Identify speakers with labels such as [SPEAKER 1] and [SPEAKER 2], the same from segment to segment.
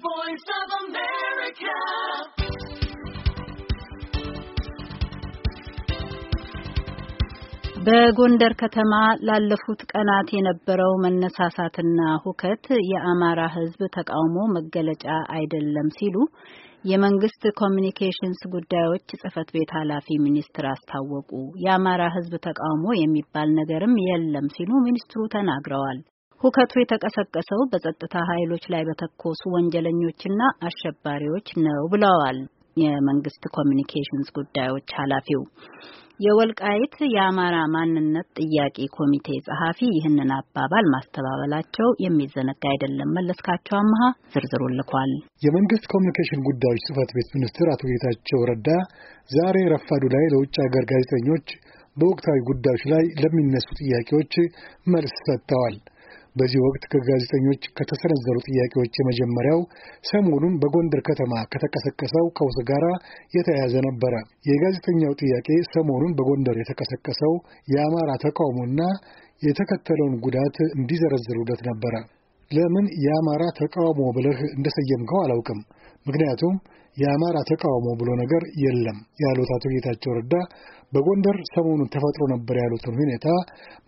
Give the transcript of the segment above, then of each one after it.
[SPEAKER 1] voice of America. በጎንደር ከተማ ላለፉት ቀናት የነበረው መነሳሳትና ሁከት የአማራ ሕዝብ ተቃውሞ መገለጫ አይደለም ሲሉ የመንግስት ኮሚኒኬሽንስ ጉዳዮች ጽህፈት ቤት ኃላፊ ሚኒስትር አስታወቁ። የአማራ ህዝብ ተቃውሞ የሚባል ነገርም የለም ሲሉ ሚኒስትሩ ተናግረዋል። ሁከቱ የተቀሰቀሰው በጸጥታ ኃይሎች ላይ በተኮሱ ወንጀለኞችና አሸባሪዎች ነው ብለዋል የመንግስት ኮሚኒኬሽንስ ጉዳዮች ኃላፊው። የወልቃይት የአማራ ማንነት ጥያቄ ኮሚቴ ጸሐፊ ይህንን አባባል ማስተባበላቸው የሚዘነጋ አይደለም። መለስካቸው አመሃ ዝርዝሩ
[SPEAKER 2] ልኳል። የመንግስት ኮሚኒኬሽን ጉዳዮች ጽህፈት ቤት ሚኒስትር አቶ ጌታቸው ረዳ ዛሬ ረፋዱ ላይ ለውጭ ሀገር ጋዜጠኞች በወቅታዊ ጉዳዮች ላይ ለሚነሱ ጥያቄዎች መልስ ሰጥተዋል። በዚህ ወቅት ከጋዜጠኞች ከተሰነዘሩ ጥያቄዎች የመጀመሪያው ሰሞኑን በጎንደር ከተማ ከተቀሰቀሰው ቀውስ ጋር የተያያዘ ነበረ። የጋዜጠኛው ጥያቄ ሰሞኑን በጎንደር የተቀሰቀሰው የአማራ ተቃውሞና የተከተለውን ጉዳት እንዲዘረዝሩለት ነበረ። ለምን የአማራ ተቃውሞ ብለህ እንደሰየምከው አላውቅም፣ ምክንያቱም የአማራ ተቃውሞ ብሎ ነገር የለም ያሉት አቶ ጌታቸው ረዳ በጎንደር ሰሞኑን ተፈጥሮ ነበር ያሉትን ሁኔታ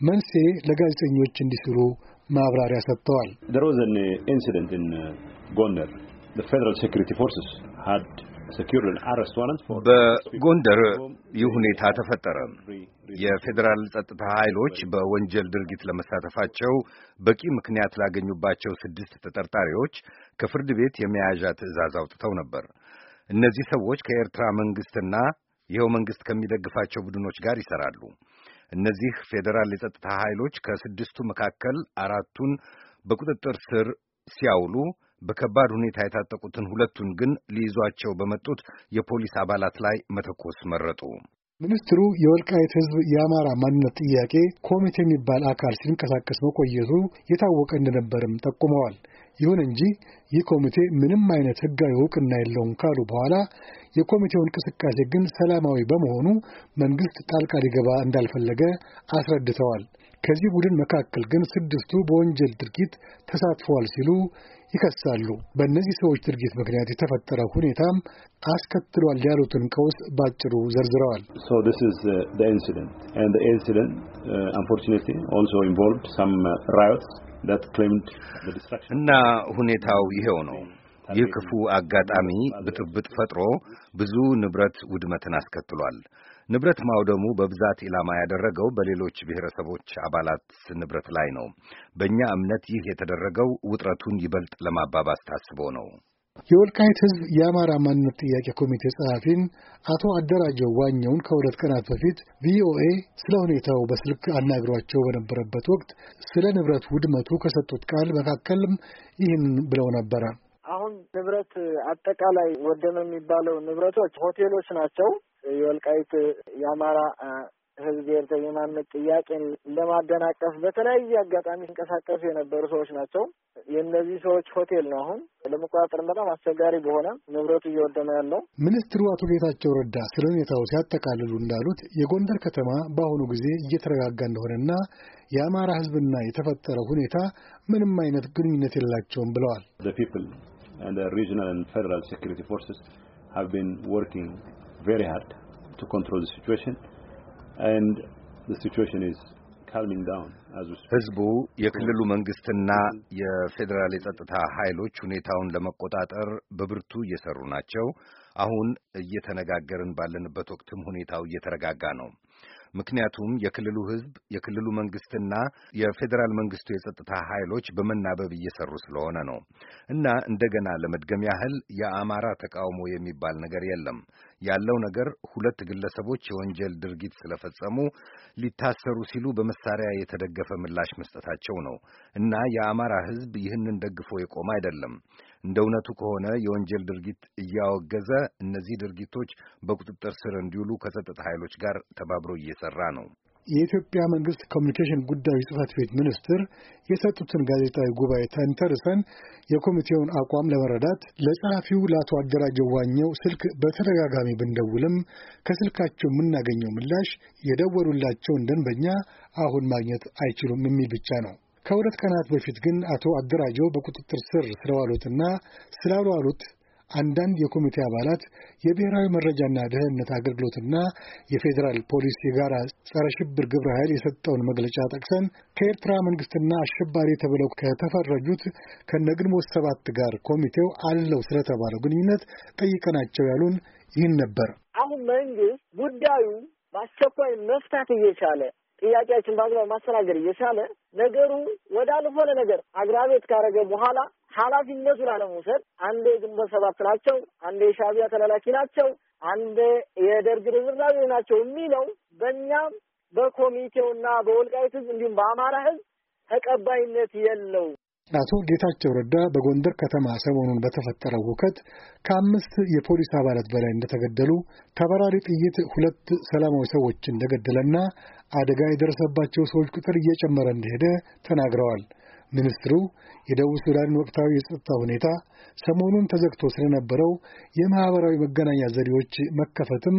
[SPEAKER 2] መንስኤ ለጋዜጠኞች እንዲስሉ ማብራሪያ ሰጥተዋል።
[SPEAKER 1] በጎንደር uh, uh, ይህ ሁኔታ ተፈጠረ። የፌዴራል ጸጥታ ኃይሎች በወንጀል ድርጊት ለመሳተፋቸው በቂ ምክንያት ላገኙባቸው ስድስት ተጠርጣሪዎች ከፍርድ ቤት የመያዣ ትዕዛዝ አውጥተው ነበር። እነዚህ ሰዎች ከኤርትራ መንግሥትና ይኸው መንግሥት ከሚደግፋቸው ቡድኖች ጋር ይሠራሉ። እነዚህ ፌዴራል የጸጥታ ኃይሎች ከስድስቱ መካከል አራቱን በቁጥጥር ስር ሲያውሉ በከባድ ሁኔታ የታጠቁትን ሁለቱን ግን ሊይዟቸው በመጡት የፖሊስ አባላት ላይ መተኮስ መረጡ።
[SPEAKER 2] ሚኒስትሩ የወልቃይት ሕዝብ የአማራ ማንነት ጥያቄ ኮሚቴ የሚባል አካል ሲንቀሳቀስ መቆየቱ የታወቀ እንደነበርም ጠቁመዋል። ይሁን እንጂ ይህ ኮሚቴ ምንም አይነት ህጋዊ እውቅና የለውም ካሉ በኋላ የኮሚቴው እንቅስቃሴ ግን ሰላማዊ በመሆኑ መንግስት ጣልቃ ሊገባ እንዳልፈለገ አስረድተዋል። ከዚህ ቡድን መካከል ግን ስድስቱ በወንጀል ድርጊት ተሳትፈዋል ሲሉ ይከሳሉ። በእነዚህ ሰዎች ድርጊት ምክንያት የተፈጠረው ሁኔታም አስከትሏል ያሉትን ቀውስ ባጭሩ ዘርዝረዋል።
[SPEAKER 1] እና ሁኔታው ይሄው ነው። ይህ ክፉ አጋጣሚ ብጥብጥ ፈጥሮ ብዙ ንብረት ውድመትን አስከትሏል። ንብረት ማውደሙ በብዛት ኢላማ ያደረገው በሌሎች ብሔረሰቦች አባላት ንብረት ላይ ነው። በእኛ እምነት ይህ የተደረገው ውጥረቱን ይበልጥ ለማባባስ ታስቦ ነው።
[SPEAKER 2] የወልቃይት ህዝብ የአማራ ማንነት ጥያቄ ኮሚቴ ጸሐፊን አቶ አደራጀው ዋኘውን ከሁለት ቀናት በፊት ቪኦኤ ስለ ሁኔታው በስልክ አናግሯቸው በነበረበት ወቅት ስለ ንብረት ውድመቱ ከሰጡት ቃል መካከልም ይህን ብለው ነበረ። አሁን ንብረት አጠቃላይ ወደመ የሚባለው ንብረቶች ሆቴሎች ናቸው። የወልቃይት የአማራ ህዝብ ብሔር የማንነት ጥያቄን ለማደናቀፍ በተለያየ አጋጣሚ ሲንቀሳቀሱ የነበሩ ሰዎች ናቸው። የእነዚህ ሰዎች ሆቴል ነው አሁን ለመቆጣጠር በጣም አስቸጋሪ በሆነ ንብረቱ እየወደመ ያለው። ሚኒስትሩ አቶ ጌታቸው ረዳ ስለ ሁኔታው ሲያጠቃልሉ እንዳሉት የጎንደር ከተማ በአሁኑ ጊዜ እየተረጋጋ እንደሆነና የአማራ ህዝብና የተፈጠረ ሁኔታ ምንም አይነት ግንኙነት የላቸውም ብለዋል።
[SPEAKER 1] ሪጅናል ፌደራል ሴኩሪቲ ፎርስስ ሃቭ ቢን ወርኪንግ ቬሪ ሃርድ ቱ ኮንትሮል ሲቹዌሽን and the situation is ህዝቡ የክልሉ መንግስትና የፌዴራል የጸጥታ ኃይሎች ሁኔታውን ለመቆጣጠር በብርቱ እየሰሩ ናቸው። አሁን እየተነጋገርን ባለንበት ወቅትም ሁኔታው እየተረጋጋ ነው። ምክንያቱም የክልሉ ህዝብ የክልሉ መንግስትና የፌዴራል መንግስቱ የጸጥታ ኃይሎች በመናበብ እየሰሩ ስለሆነ ነው። እና እንደገና ለመድገም ያህል የአማራ ተቃውሞ የሚባል ነገር የለም። ያለው ነገር ሁለት ግለሰቦች የወንጀል ድርጊት ስለፈጸሙ ሊታሰሩ ሲሉ በመሳሪያ የተደገፈ ምላሽ መስጠታቸው ነው። እና የአማራ ህዝብ ይህንን ደግፎ የቆመ አይደለም። እንደ እውነቱ ከሆነ የወንጀል ድርጊት እያወገዘ እነዚህ ድርጊቶች በቁጥጥር ስር እንዲውሉ ከጸጥታ ኃይሎች ጋር ተባብሮ እየሰራ ነው።
[SPEAKER 2] የኢትዮጵያ መንግስት ኮሚኒኬሽን ጉዳዮች ጽህፈት ቤት ሚኒስትር የሰጡትን ጋዜጣዊ ጉባኤ ተንተርሰን የኮሚቴውን አቋም ለመረዳት ለጸሐፊው ለአቶ አደራጀው ዋኘው ስልክ በተደጋጋሚ ብንደውልም ከስልካቸው የምናገኘው ምላሽ የደወሉላቸውን ደንበኛ አሁን ማግኘት አይችሉም የሚል ብቻ ነው። ከሁለት ቀናት በፊት ግን አቶ አደራጀው በቁጥጥር ስር ስለዋሉትና ስላሏሉት አንዳንድ የኮሚቴ አባላት የብሔራዊ መረጃና ደህንነት አገልግሎትና የፌዴራል ፖሊስ የጋራ ጸረ ሽብር ግብረ ኃይል የሰጠውን መግለጫ ጠቅሰን ከኤርትራ መንግስትና አሸባሪ ተብለው ከተፈረጁት ከነግንቦት ሰባት ጋር ኮሚቴው አለው ስለተባለው ግንኙነት ጠይቀናቸው ያሉን ይህን ነበር። አሁን መንግስት ጉዳዩ በአስቸኳይ መፍታት እየቻለ ጥያቄያችን በአግባብ ማስተናገድ እየቻለ ነገሩ ወዳልሆነ ነገር አግራቤት ካረገ በኋላ ኃላፊነቱን አለመውሰድ አንዴ ግንቦት ሰባት ናቸው፣ አንዴ የሻቢያ ተላላኪ ናቸው፣ አንዴ የደርግ ርዝራዦች ናቸው የሚለው በእኛም በኮሚቴውና በወልቃይት ህዝብ እንዲሁም በአማራ ህዝብ ተቀባይነት የለው። አቶ ጌታቸው ረዳ በጎንደር ከተማ ሰሞኑን በተፈጠረው ሁከት ከአምስት የፖሊስ አባላት በላይ እንደተገደሉ፣ ተበራሪ ጥይት ሁለት ሰላማዊ ሰዎች እንደገደለና አደጋ የደረሰባቸው ሰዎች ቁጥር እየጨመረ እንደሄደ ተናግረዋል። ሚኒስትሩ የደቡብ ሱዳንን ወቅታዊ የጸጥታ ሁኔታ፣ ሰሞኑን ተዘግቶ ስለነበረው የማኅበራዊ መገናኛ ዘዴዎች መከፈትም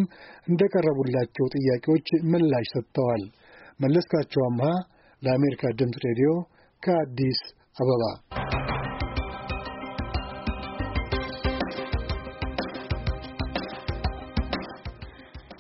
[SPEAKER 2] እንደቀረቡላቸው ጥያቄዎች ምላሽ ሰጥተዋል። መለስካቸው አምሃ ለአሜሪካ ድምፅ ሬዲዮ ከአዲስ አበባ